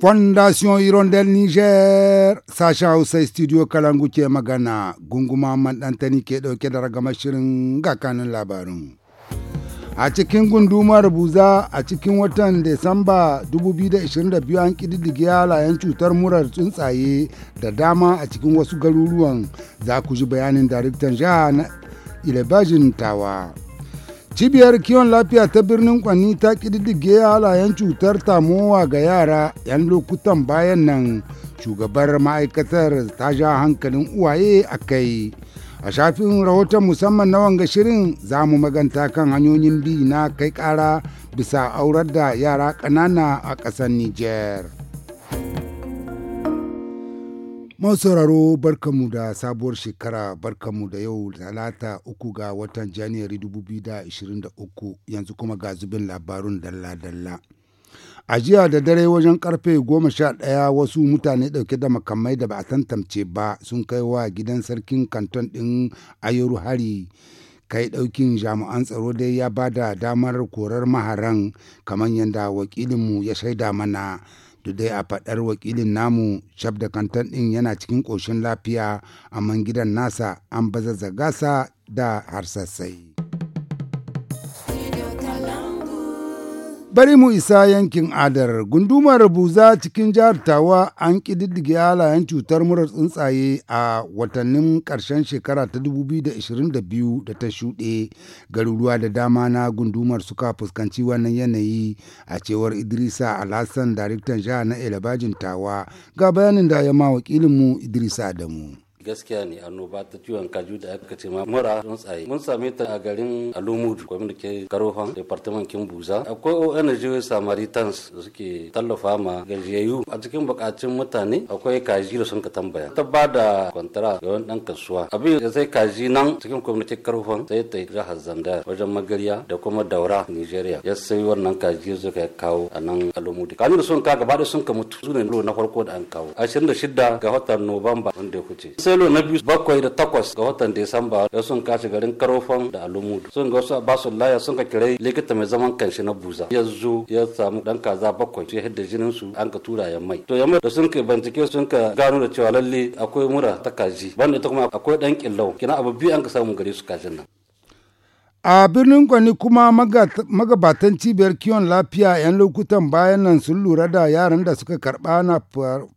Fondation Hirondelle Niger sacha Hausa Studio Kalangu ke magana gunguma mandantani ke ɗauke da ragamar shirin gakanin labarin. A cikin gundumar buza a cikin watan Desamba 2022 an kididdige halayen cutar murar tsuntsaye da dama a cikin wasu garuruwan za ku ji bayanin daraktan jiha na Ilebajin Tawa. cibiyar kiwon lafiya ta birnin kwanni ta ƙididdige halayen cutar tamowa ga yara 'yan lokutan bayan nan shugabar ma'aikatar ta ja hankalin uwaye a kai a shafin rahoton musamman na wanga shirin za mu maganta kan hanyoyin bi na kai kara bisa aurar da yara ƙanana a ƙasar niger sauraro barkanmu da sabuwar shekara barkanmu da yau talata uku ga watan janairu 2023 yanzu kuma ga zubin labarun dalla-dalla. a jiya da dare wajen karfe goma sha ɗaya wasu mutane ɗauke da makamai da ba a tantance ba sun kai wa gidan sarkin kanton ɗin ayoru hari kai ɗaukin jami'an tsaro dai ya ba da damar korar maharan kamar yadda wakilinmu ya shaida mana duk dai a faɗar wakilin namu shaf da kantan ɗin yana cikin ƙoshin lafiya amma gidan nasa an bazazzaga sa da harsassai. Bari mu isa yankin Adar, gundumar Buza cikin jihar Tawa an ƙididdige halayen cutar murar tsuntsaye a watannin ƙarshen shekara ta 2022 da ta shuɗe. Garuruwa da dama na gundumar suka fuskanci wannan yanayi a cewar Idrisa Alhassan, daraktan jihar na Elabajin Tawa, ga bayanin da ya ma wakilinmu Idrisa Adamu. gaskiya ne annoba ta ciwon kaju da aka ce ma mura tsaye mun same ta a garin alumudu kwami da ke garofan departement kin buza akwai ong samaritans da suke tallafa ma gajiyayyu a cikin bukacin mutane akwai kaji da sun ka tambaya ta ba da kwantara ga wani dan kasuwa abin da sai kaji nan cikin ke karfan sai ta jihar zandar wajen magariya da kuma daura nigeria ya sai wannan kaji su ka kawo a nan alumudu kaji da sun ka gaba da sun ka mutu su ne na farko da an kawo 26 ga watan nuwamba wanda ya kuce kalo na biyu bakwai da takwas ga watan Desamba da sun kashe garin Karofan da Alumudu. Sun ga wasu basu laya sun ka kirai likita mai zaman kanshi na Buza. Ya zo ya samu dan kaza bakwai ya hidda jinin su an ka tura ya mai. To ya da sun ka bincike sun ka gano da cewa lalle akwai mura ta kaji. Banda ta kuma akwai dan killau. Kina abu biyu an ka samu gare su kajin nan. A birnin kwani, kuma magabatan cibiyar kiwon lafiya 'yan lokutan bayan nan sun lura da yaran da suka karɓa na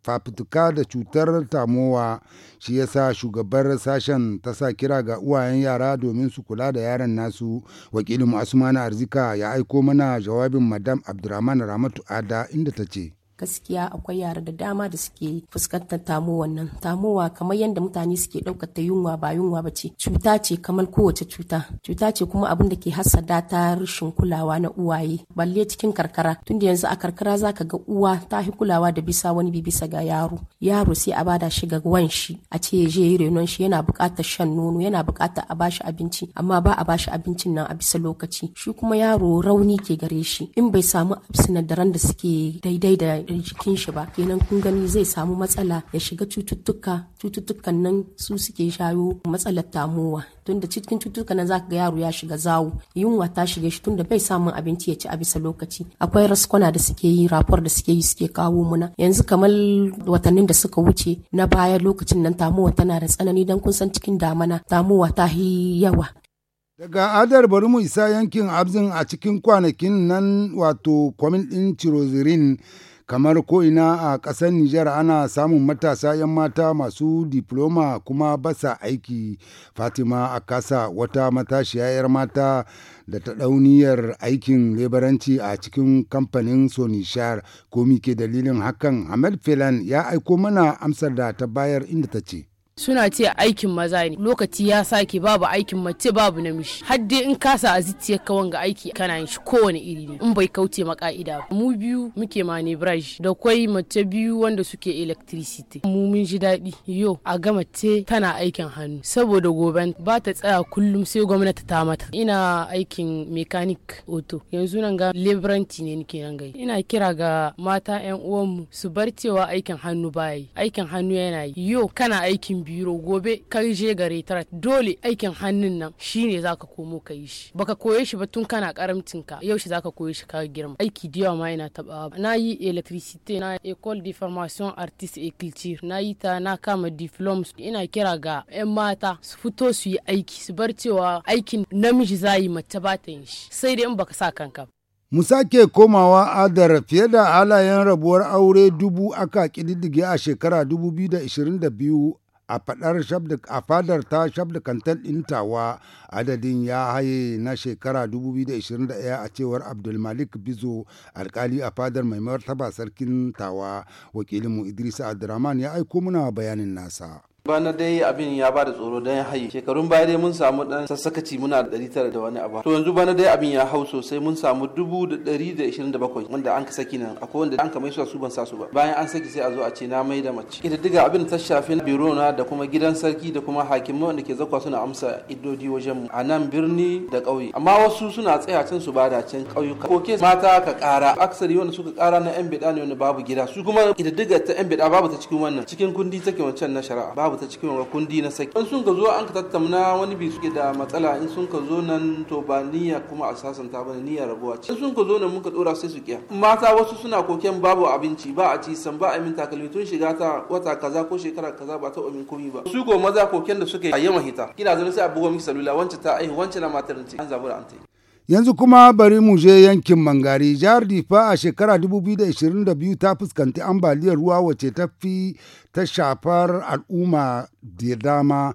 fafutuka da cutar tamowa shi yasa shugabar sashen ta sa kira ga uwayen yara domin su kula da yaran nasu wakilin asumana arzika ya aiko mana jawabin madam abdurrahman ramatu ada inda ta ce. gaskiya akwai yara da dama da suke fuskantar tamowan nan tamowa kamar yadda mutane suke ɗaukar yunwa ba yunwa ba ce cuta ce kamar kowace cuta cuta ce kuma abin da ke hassada ta rashin kulawa na uwaye balle cikin karkara tunda yanzu a karkara zaka ga uwa ta fi kulawa da bisa wani bi bisa ga yaro yaro sai a bada shi ga wan shi a ce ya je yi renon shi yana buƙatar shan nono yana buƙatar a bashi abinci amma ba a bashi abincin nan a bisa lokaci shi kuma yaro rauni ke gare shi in bai samu sinadaran da suke daidai da jikin shi ba kenan kun gani zai samu matsala ya shiga cututtuka cututtukan nan su suke shayo matsalar tamowa tunda cikin cututtukan nan zaka ga yaro ya shiga zawo yunwa ta shige shi tunda bai samun abinci ya ci a bisa lokaci akwai raskwana da suke yi rapor da suke yi suke kawo muna yanzu kamar watannin da suka wuce na baya lokacin nan tamowa tana da tsanani dan kun san cikin damana tamowa ta yi yawa Daga adar bari mu isa yankin abzin a cikin kwanakin nan wato kwamin ɗin cirozirin kamar ko'ina a ƙasar Nijar ana samun matasa 'yan mata masu diploma kuma basa aiki Fatima a kasa wata matashiya 'yar mata da ta ɗauniyar aikin lebaranci a cikin kamfanin Sonishar ko ke dalilin hakan Hamad Filan ya aiko mana amsar da ta bayar inda ta ce. suna ce aikin maza ne lokaci ya sake babu aikin mace babu namiji har dai in kasa a zuciyar ka wanga aiki kana yin shi kowane iri ne in bai kauce ma ka'ida mu biyu muke manebraj da kwai mace biyu wanda suke electricity mu mun ji daɗi yo a ga mace tana aikin hannu saboda goben ba ta tsaya kullum sai gwamnati ta mata ina aikin mekanik auto yanzu nan ga lebranci ne nake nan gai ina kira ga mata yan uwanmu su bar cewa aikin hannu baya aikin hannu yana yi yo kana aikin biro gobe kai je gare tara dole aikin hannun nan shine zaka komo ka yi shi baka koye shi ba tun kana karamcin ka yau shi zaka koye shi ka girma aiki da yawa ma ina taba na yi electricité na école de formation artiste et culture na yi ta na kama diplomes. ina kira ga yan mata su fito su yi aiki su bar cewa aikin namiji zayi mace ba ta yin shi sai dai in baka sa kanka mu sake komawa adar fiye da halayen rabuwar aure dubu aka ƙididdige a shekara 2022 a fadar a fadar ta shabda kantar intawa adadin ya haye na shekara 2021 a cewar abdulmalik bizo alkali a fadar mai martaba sarkin tawa wakilinmu idris abdurrahman ya aiko muna bayanin nasa bana dai abin ya ba da tsoro don ya haye shekarun baya dai mun samu dan sassakaci muna da dari tara da wani abu to yanzu bana dai abin ya hau sosai mun samu dubu da dari da ishirin da bakwai wanda an ka saki nan akwai wanda an ka mai su ban sa su ba bayan an saki sai a zo a ce na mai da mace ƙididdiga abin ta shafi na biro na da kuma gidan sarki da kuma hakimai wanda ke zakwa suna amsa iddodi wajen mu a nan birni da ƙauye amma wasu suna tsaya can su bada can ƙauyuka koke mata ka ƙara aksari wanda suka ƙara na yan bida ne wanda babu gida su kuma ƙididdiga ta yan bida babu ta cikin wannan cikin kundi take wancan na shari'a babu bata cikin wani na saki in sun ka zo an ka tattauna wani bi suke da matsala in sun ka zo nan to ba niyya kuma a sasanta ba niyya rabuwa ce in sun ka zo nan muka dora sai su kiya mata wasu suna koken babu abinci ba a ci san ba a min takalmi tun shiga ta wata kaza ko shekara kaza ba ta omin komi ba su ko maza koken da suke a yamma hita kina zo sai a buga miki salula wancan ta aihu wancan na matar ce an zabura an ta yi Yanzu kuma bari mu je yankin Mangari, jihar Difa a shekara 2022 ta fuskanci ambaliyar ruwa wacce ta fi ta shafar al'umma da dama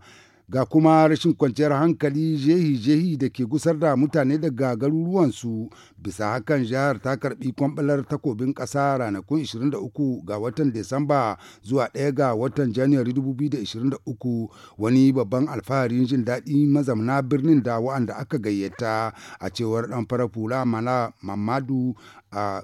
ga kuma rashin kwanciyar hankali jehi-jehi da ke gusar da mutane daga garuruwansu bisa hakan jihar ta karbi kwambalar takobin ƙasa ranakun 23 ga watan Desamba zuwa 1 ga watan Janairu 2023 wani babban alfaharin jin daɗi mazamna birnin da wa'anda aka gayyata a cewar ɗan fara fula mala mamadu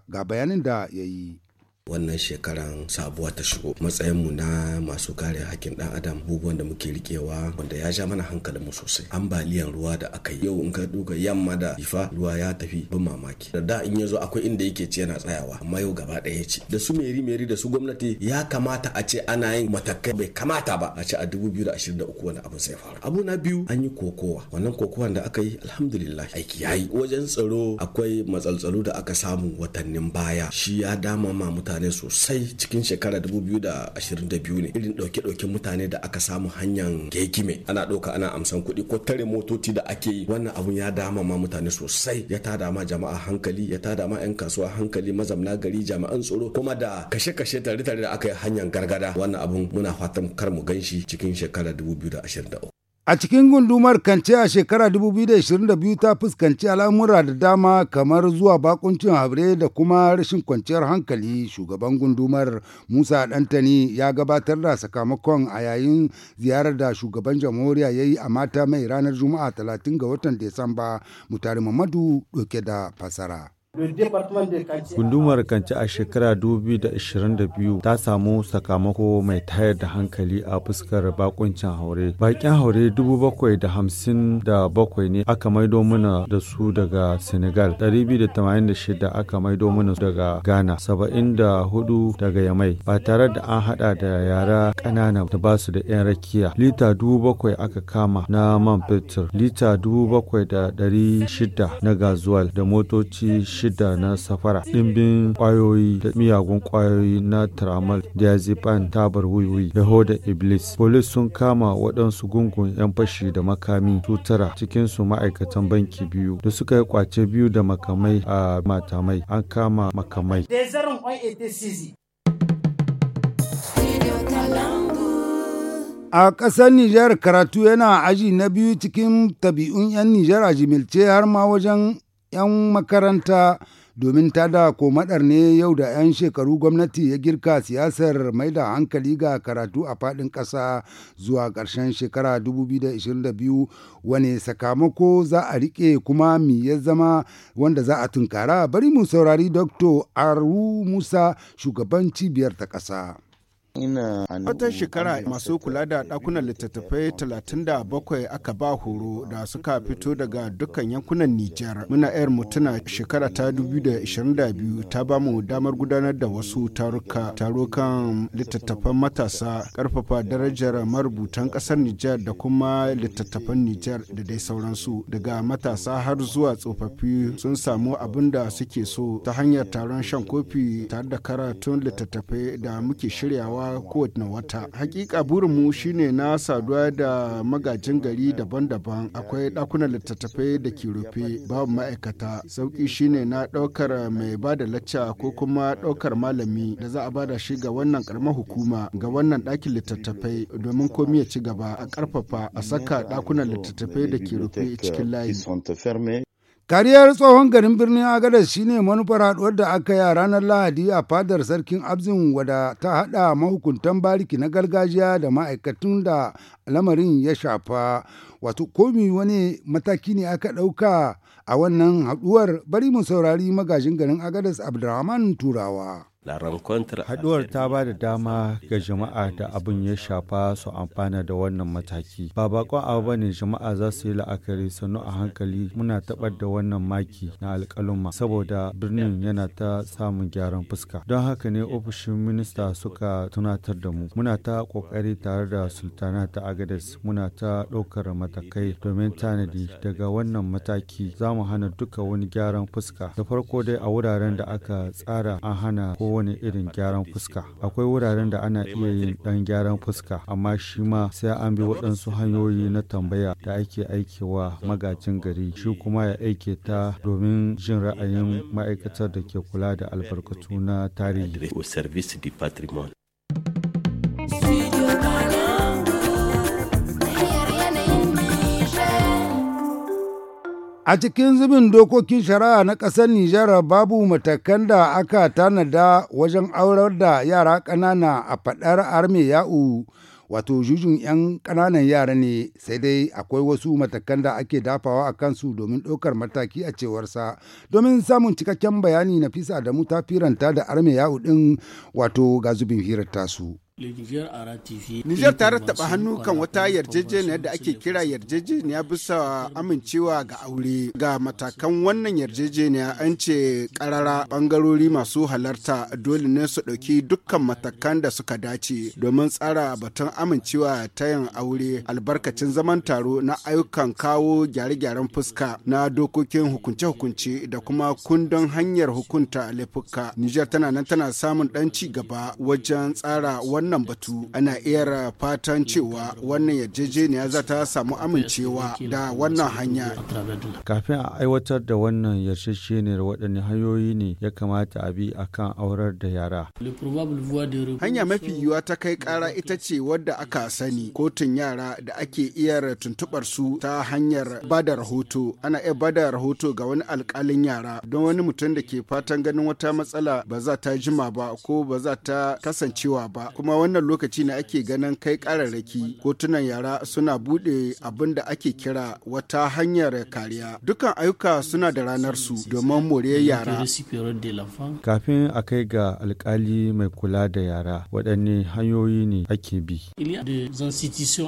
ga bayanin da ya yi. wannan shekaran sabuwa ta shigo Matsayin matsayinmu na masu kare hakkin dan adam abubuwan da muke rikewa wanda ya ja mana mu sosai ambaliyan ruwa da aka yi yau in ka duka yamma da ifa ruwa ya tafi bin mamaki da da in yazo akwai inda yake ce yana tsayawa amma yau gaba daya ce da su meri meri da su gwamnati ya kamata a ce ana yin matakai bai kamata ba a ce a 2023 wani abin sai faru abu na biyu an yi kokowa wannan kokowan da aka yi alhamdulillah aiki yayi wajen tsaro akwai matsaltsalu da aka samu watannin baya shi ya dama ma mutane mutane sosai cikin shekara 2022 ne irin ɗauke-ɗauken mutane da aka samu hanyar gegime ana ɗauka ana amsan kuɗi ko tare motoci da ake yi wannan abun ya dama ma mutane sosai ya ta dama jama'a hankali ya tada ma 'yan kasuwa hankali mazamna gari jami'an tsoro kuma da kashe-kashe tare-tare da aka yi hanyar gargada wannan abun muna fatan kar mu ganshi cikin shekara 2023 A cikin gundumar Kance a shekara 2022 ta fuskanci al'amura da dama kamar zuwa bakuncin habre da kuma rashin kwanciyar hankali shugaban gundumar Musa Dantani ya gabatar da sakamakon a yayin ziyarar da shugaban jamhuriya ya yi a mata mai ranar Juma'a 30 ga watan Desamba Mutare Mamadu ɗauke da fasara. Gundumar Kanci a shekara 2022 ta samu sakamako mai tayar da hankali a fuskar bakuncin haure. Bakin haure 757 ne aka maido mana da su daga Senegal, 286 aka maido mana daga Ghana, 74 daga Yamai, ba tare da an hada da yara ƙanana da ba su da 'yan rakiya. Lita 7,000 aka kama na man fetur, lita 7,600 na gazuwal da motoci shida na safara ɗimbin kwayoyi da miyagun kwayoyi na tramal diazepam tabar wiwi yaho da iblis polis sun kama waɗansu gungun 'yan fashi da makami su tara cikinsu ma'aikatan banki biyu da suka yi kwace biyu da makamai a matamai an kama makamai A ƙasar Nijar karatu yana aji na biyu cikin tabi'un 'yan Nijar a jimilce har ma wajen 'yan makaranta domin ta da ko madar ne yau da 'yan shekaru gwamnati ya girka siyasar mai da hankali ga karatu a fadin ƙasa zuwa ƙarshen shekara 2022 wane sakamako za a rike kuma mi ya zama wanda za a tunkara bari mu saurari dr aru musa shugaban cibiyar ta ƙasa. Ina wata shekara masu kula da ɗakunan littattafai 37 aka ba horo da suka fito daga dukkan yankunan Nijar. Muna yar mutuna shekara ta 2022 ta bamu damar gudanar da wasu taruka tarukan littattafan matasa karfafa darajar marubutan ƙasar Nijar da kuma littattafan Nijar da dai sauransu daga matasa har zuwa tsofaffi sun samu abin da suke so ta hanyar taron shan kofi tare da karatun littattafai da muke shiryawa gudanarwa kowane wata. Hakika burinmu shine na saduwa da magajin gari daban-daban akwai ɗakunan littattafai da ke rufe babu ma'aikata. Sauki shine na ɗaukar mai ba da lacca ko kuma ɗaukar malami da za a ba da shi ga wannan karamar hukuma ga wannan ɗakin littattafai domin komi ya ci gaba a ƙarfafa a saka ɗakunan littattafai da ke rufe cikin layi. kariyar tsohon garin birnin agadas shine manufar haɗuwar da aka yi ranar lahadi a fadar sarkin abzin wada ta haɗa mahukuntan bariki na gargajiya da ma'aikatun da lamarin ya shafa wato komi wani mataki ne aka ɗauka a wannan haɗuwar bari mu saurari magajin garin agadas abdulrahman turawa Haduwar ta ba da dama ga jama'a da abin ya shafa su amfana da wannan mataki. Ba bakon abu ba ne jama'a za su yi la'akari sannu a hankali muna taɓar da wannan maki na alkaluma saboda birnin yana ta samun gyaran fuska. Don haka ne ofishin minista suka tunatar da mu. Muna ta ƙoƙari tare da sultana ta Agadez muna ta ɗaukar matakai domin tanadi daga wannan mataki za mu hana duka wani gyaran fuska. Da farko dai a wuraren da aka tsara an hana ko. wani irin gyaran fuska akwai wuraren da ana iya yin dan gyaran fuska amma shi ma sai an bi waɗansu hanyoyi na tambaya da ake aikewa magajin gari shi kuma ya aike ta domin jin ra'ayin ma'aikatar da ke kula da albarkatu na tarihi A cikin zubin dokokin shari'a na ƙasar Nijar babu matakan da aka tanada wajen aurar da yara ƙanana a faɗar arme ya'u wato jujun 'yan ƙananan yara ne sai dai akwai wasu matakan da ake dafawa a kansu domin ɗaukar mataki a cewarsa domin samun cikakken bayani na fisa da mutafiranta da arme ya'u ɗin wato ga zubin hirar tasu. Nijar ta rattaba hannu kan wata yarjejeniyar da ake kira yarjejeniya bisa amincewa ga aure ga matakan wannan yarjejeniya an ce karara bangarori masu halarta dole ne su ɗauki dukkan matakan da suka dace domin tsara batun amincewa ta yin aure albarkacin zaman taro na ayyukan kawo gyare-gyaren fuska na dokokin hukunce-hukunce da kuma kundin hanyar hukunta laifuka. Nijar tana nan tana samun ɗan ci gaba wajen tsara wannan wannan batu ana iya fatan cewa wannan yarjejeniya za ta samu amincewa da wannan hanya kafin a aiwatar da wannan yarjejeniyar waɗanne hanyoyi ne ya kamata a bi a kan aurar da yara hanya mafi yiwuwa ta kai kara ita ce wadda aka sani kotun yara da ake iya tuntubar su ta hanyar ba da rahoto ana iya ba da rahoto ga wani alkalin yara don wani mutum da ke fatan ganin wata matsala ba za ta jima ba ko ba za ta kasancewa ba kuma kuma wannan lokaci ne ake ganin kai kararraki kotunan yara suna bude abin da ake kira wata hanyar kariya dukkan ayyuka suna da ranar su domin more yara kafin a kai ga alkali mai kula da yara waɗanne hanyoyi ne ake bi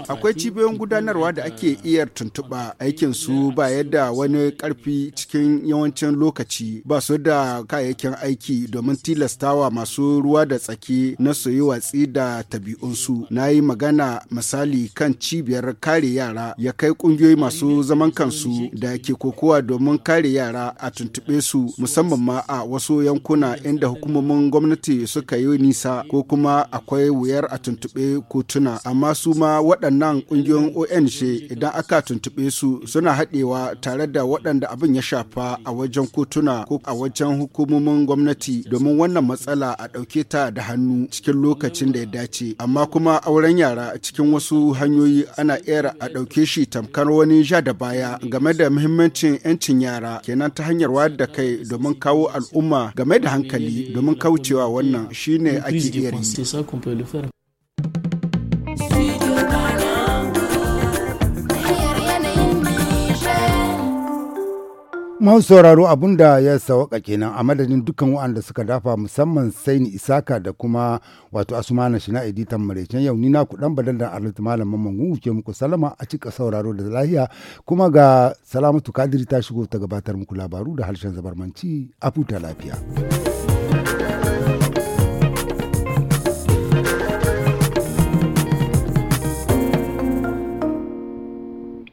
akwai cibiyoyin gudanarwa da ake iya tuntuɓa aikin su ba yadda wani ƙarfi cikin yawancin lokaci ba su da kayayyakin aiki domin tilastawa masu ruwa da tsaki na su yi watsi da tabi'unsu na yi magana misali kan cibiyar kare yara ya kai kungiyoyi masu zaman kansu da ke kokowa domin kare yara a tuntuɓe su musamman ma a wasu yankuna inda hukumomin gwamnati suka yi nisa ko kuma akwai wuyar a tuntuɓe kotuna amma su ma waɗannan ƙungiyoyin on idan aka tuntuɓe su suna haɗewa tare da waɗanda abin ya shafa a wajen kotuna ko a wajen hukumomin gwamnati domin wannan matsala a ɗauke ta da hannu cikin lokacin da ya dace amma kuma auren yara cikin wasu hanyoyi ana era a ɗauke shi tamkar wani ja da baya game da muhimmancin 'yancin yara kenan ta hanyar wa da kai domin kawo al'umma game da hankali domin kaucewa wannan shine ake iya Mau sauraro abun da ya sawaka kenan a madadin dukkan waɗanda suka dafa musamman sai ni Isaka da kuma wato Asumana Shina editan Maraicen yau ni na badan da Arlit Malam Mamman ke muku salama a cika sauraro da lahiya kuma ga Salamatu Kadiri ta shigo ta gabatar muku labaru da harshen zabarmanci a futa lafiya.